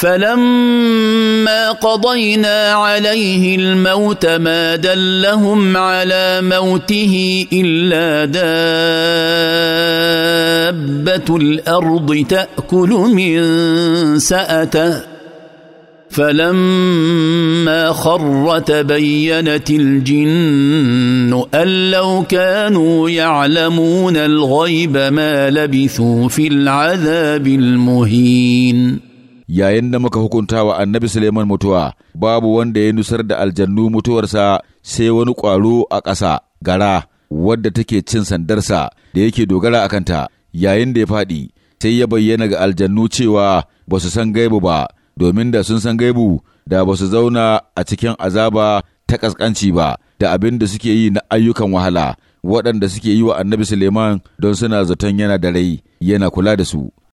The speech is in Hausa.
فلما قضينا عليه الموت ما دلهم على موته الا دابه الارض تاكل من ساته فلما خر تبينت الجن ان لو كانوا يعلمون الغيب ما لبثوا في العذاب المهين yayin da muka hukunta wa annabi Suleiman mutuwa, babu wanda ya nusar da aljannu mutuwarsa sai wani ƙwaro a ƙasa, gara, wadda take cin sandarsa da yake dogara a kanta, yayin da ya faɗi, sai ya bayyana ga aljannu cewa ba su san gaibu ba, domin da sun san gaibu, da ba su zauna a cikin azaba ta ƙasƙanci ba, da abin da suke yi na ayyukan wahala, waɗanda suke yi wa annabi Suleiman don suna zaton yana da rai, yana kula da su.